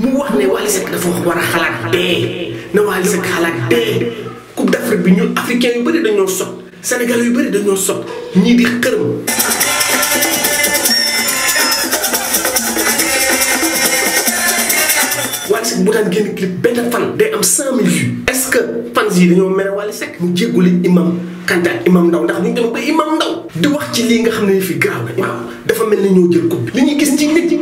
mu wax ne Wally Seck dafa war a xalaat dee na Wally Seck xalaat dee Coupe d'Afrique bi ñun africain yu bëri dañoo sot sénégalais yu bëri dañoo sot ñii di xërëm Wally Seck bu daan génn clip benn fan day am cent mille vues est-ce que fans yi dañoo mere Wally Seck mu jégguli imam Kanta imam Ndaw ndax ñu dem ba imam Ndaw di wax ci lii nga xam ne fi grave dafa mel ne ñoo jël coupe li ñuy gis ci nit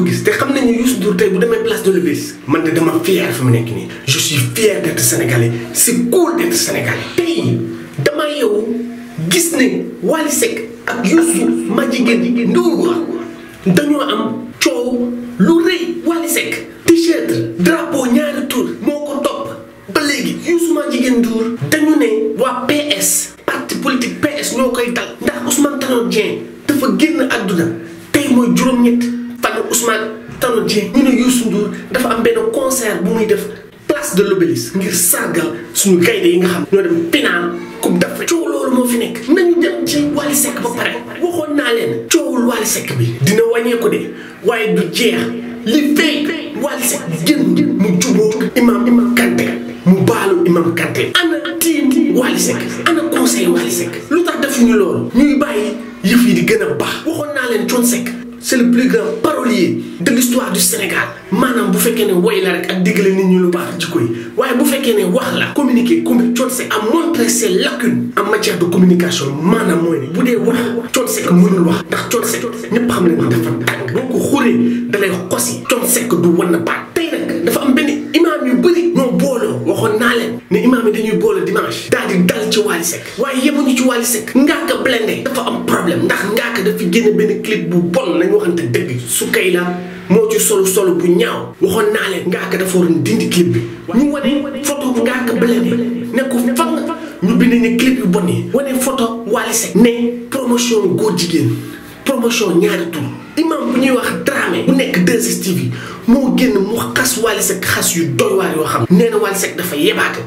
ko gis te xam nañu Youssou Ndour tay bu démé place de l'Obélisque man de dama fier fi mu nekk je suis fier d'être sénégalais c'est cool d'être sénégalais. tay dama yow gis né Wally Seck ak Youssou Madjiguène Ndour am coow lu reuy Wally Seck. t-shirt drapeau ñaari tour moko top ba légui Youssou Madjiguène Ndour dañu ne wa PS parti politique PS ñoo dal ndax Ousmane Tanor Dieng dafa génn aduna tay moy juroom ñett ak Ousmane Tanor Dieng ñu ne Youssou dafa am benn concert bu muy def place de l'Obélisque ngir sargal suñu gaynde yi nga xam ñoo dem pénal coupe d'Afrique moo fi nekk nañu dem ci Wally Seck ba pare waxoon naa leen coowul Wally Seck bi dina wàññeeku de waaye du jeex li fay Wally Seck génn mu jubóo imam imam Kanté mu baalu imam Kanté ana tiim Wally Seck conseil Wally lu tax defuñu loolu ñuy bàyyi yëf yi di gën a baax c'est le plus grand parolier de l'histoire du Sénégal Manam bu fekkee ne woy la rek ak nit ñu lu baax ci koy la communiquer comme ses lacunes en matière de communication maanaam mooy ne bu dee wax wax xam ne mais dafa am problème ndax Ngaaka dafa génne benn clip bu bon nañ waxante dëgg Soukayla moo ci solo solo bu ñaaw waxoon naa leen Ngaaka dafa waroon dindi clip bi ñu wane photo bu Ngaaka Blindé bi ne ko fan ñu bind ne clip yu bon yi wane photo Wally ne promotion góor jigéen promotion ñaari tur imam bu ñuy wax Dramé bu nekk 2 yi moo génn mu xas Wally Seck xas yu doy waar yoo xam nee na Wally Seck dafa yebaate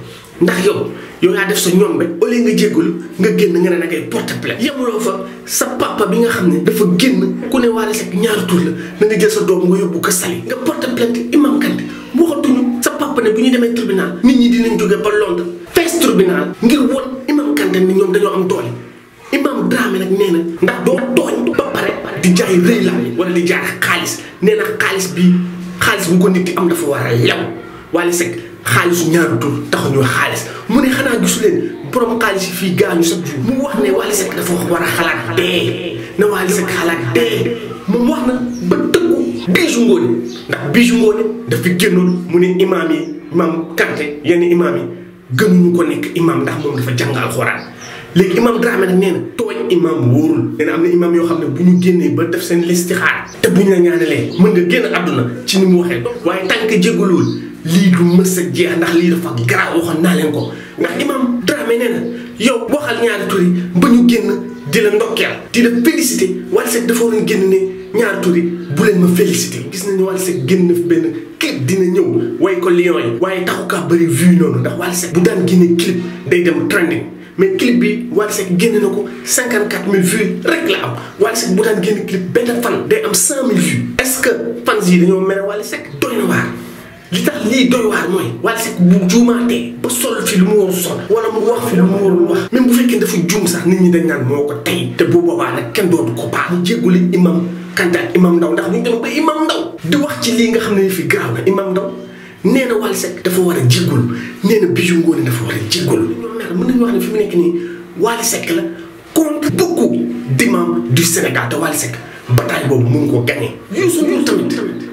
ndax yow yow yaa def sa ñoom rek au lieu nga jéggul nga génn nga ne da ngay porter plainte yemuloo fa sa papa bi xam ne dafa génn ku ne Wally Seck ñaari tur la na nga jël sa doom nga yóbbu ko sali nga porter plainte imam Kanté waxatuñu sa papa ne bu ñuy demee tribunal nit ñi dinañ jógee ba Londres fees tribunal ngir won imam Kanté ne ñoom dañoo am doole imam Dramé nag nee na ndax doo tooñ di jaay rëy la wala di jaay xaalis nee na xaalis bi xaalis bu ko nit am dafa war a lew Wally Seck xaalisu ñaari tur taxuñu xaalis mu ne xanaa gisu borom xaalis yi fii gaañu sax mu wax ne Wally Seck dafa war xalaat na Wally Seck xalaat dee moom wax na ba tëkku biisu ngoone ndax biisu ngoone dafa yi imaam Kanté yenn imaam yi ko nekk ndax moom dafa jàng alxuraan léegi imaam Dramé nag nee imaam wóorul nee na am na imaam yoo xam ne bu ñu génnee ba def seen listixaar te bu ñu la ñaanalee mën nga génn àdduna ci ni mu waxee waaye tànk jégaluwul lii du mës a ndax lii dafa garaaw naa leen ko ndax imaam Dramé nee yow waxal ñaari yi ba ñu génn di la ndokkeel di la félicité wala sax dafa waroon génn ne ñaari tur yi bu leen ma félicité gis nañu wala sax génn na fi benn clip dina ñëw way ko lion waaye taxu kaa bëri vue noonu ndax wala sax bu daan génne clip day dem trending mais clip bi Wally Seck génne na ko cinquante quatre mille vues rek la am Wally Seck bu daan génne clip benn fan day am est ce que fans yi dañoo mere Wally Seck doy na waar li tax lii doy waar mooy Wally Seck bu sol fi lu mu warul sol wala mu wax fi lu mu warul wax même bu fekkee dafa juum sax nit ñi dañ naan moo ko tey te bu boobaa nag kenn dootu ko baax mu jégguli imam Kanta ak imam Ndaw ndax ñu dem ba imam Ndaw di wax ci lii nga xam ne fi garaaw na imam Ndaw nee na Wally dafa war a jéggul nee na Bijou Ngoné dafa war a jéggul ne mën nañu wax ne fi mu nekk nii Wally Seck la contre beaucoup d'imams du Sénégal te Wally Seck boobu mun ko gagné. Youssou Ndour tamit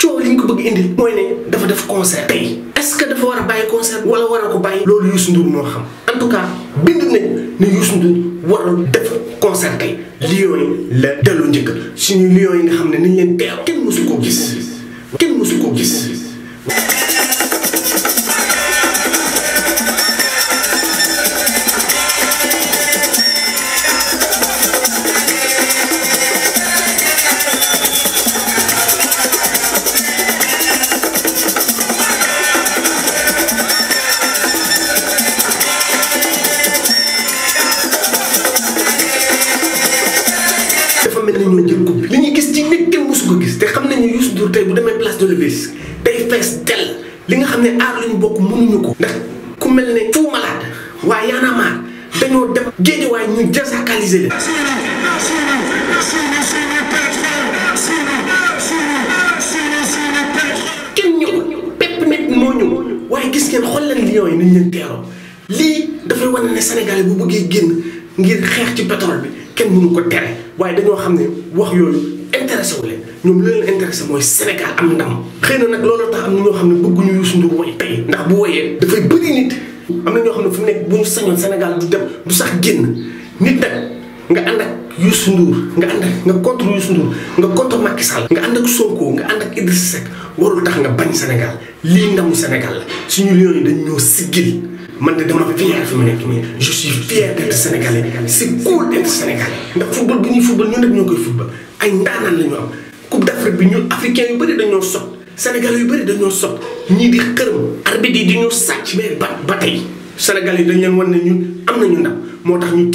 coow li ñu ko bëgg indi. mooy ne dafa def concert tey. est-ce que dafa war a bàyyi concert wala war a ko bàyyi. loolu Youssou Ndour moo xam. en tout cas bind nañ ne Youssou Ndour warul def concert tey. yi la dellu njëkk suñu Lions yi nga xam ne nañ leen teew. kenn mësu koo gis kenn mësu koo gis. ñoom la li ñu gis ci nit kenn mosu ko gis te xam na ne Youssou Ndour tey bu demee place de l'Obélisque day fees tel li nga xam ne aar lañu bokk mënuñu ko. ndax ku mel ne Fou Malade waa Y'en a marre dañoo dem géejewaay ñu désacraliser leen. kenn ñëw pepp nit moo ñëw waaye gis ngeen xool leen lion yi nañ leen teeroo lii dafay wane ne Sénégal bu bëggee génn ngir xeex ci pétrole bi. kenn mënu ko tere waaye dañoo xam ne wax yooyu intéressé wu leen ñoom li leen intéressé mooy Sénégal am ndam. xëy na nag loolu tax am na ñoo xam ne bëgguñu Youssou Ndour ndax bu woyee dafay bëri am na ñoo xam ne fu mu nekk bu ñu sañoon Sénégal du dem du sax génn nit nag nga ànd ak Youssou Ndour nga ànd ak nga contre Youssou Ndour nga contre Macky nga ànd ak Sonko nga ànd ak Idrissa Seck warul tax nga bañ Sénégal lii ndamu Sénégal la suñu lion yi dañ ñoo siggil man de ma je suis fier d'être sénégalais c'est cool d'être sénégalais le football bi football nous rek ñoo football ay la ñu am coupe d'Afrique bi ñun africain yu bëri dañoo sénégalais yu bëri dañoo sot ñii di xërëm arbitre yi di sàcc mais ba sénégalais leen wan am nañu ndam moo ñu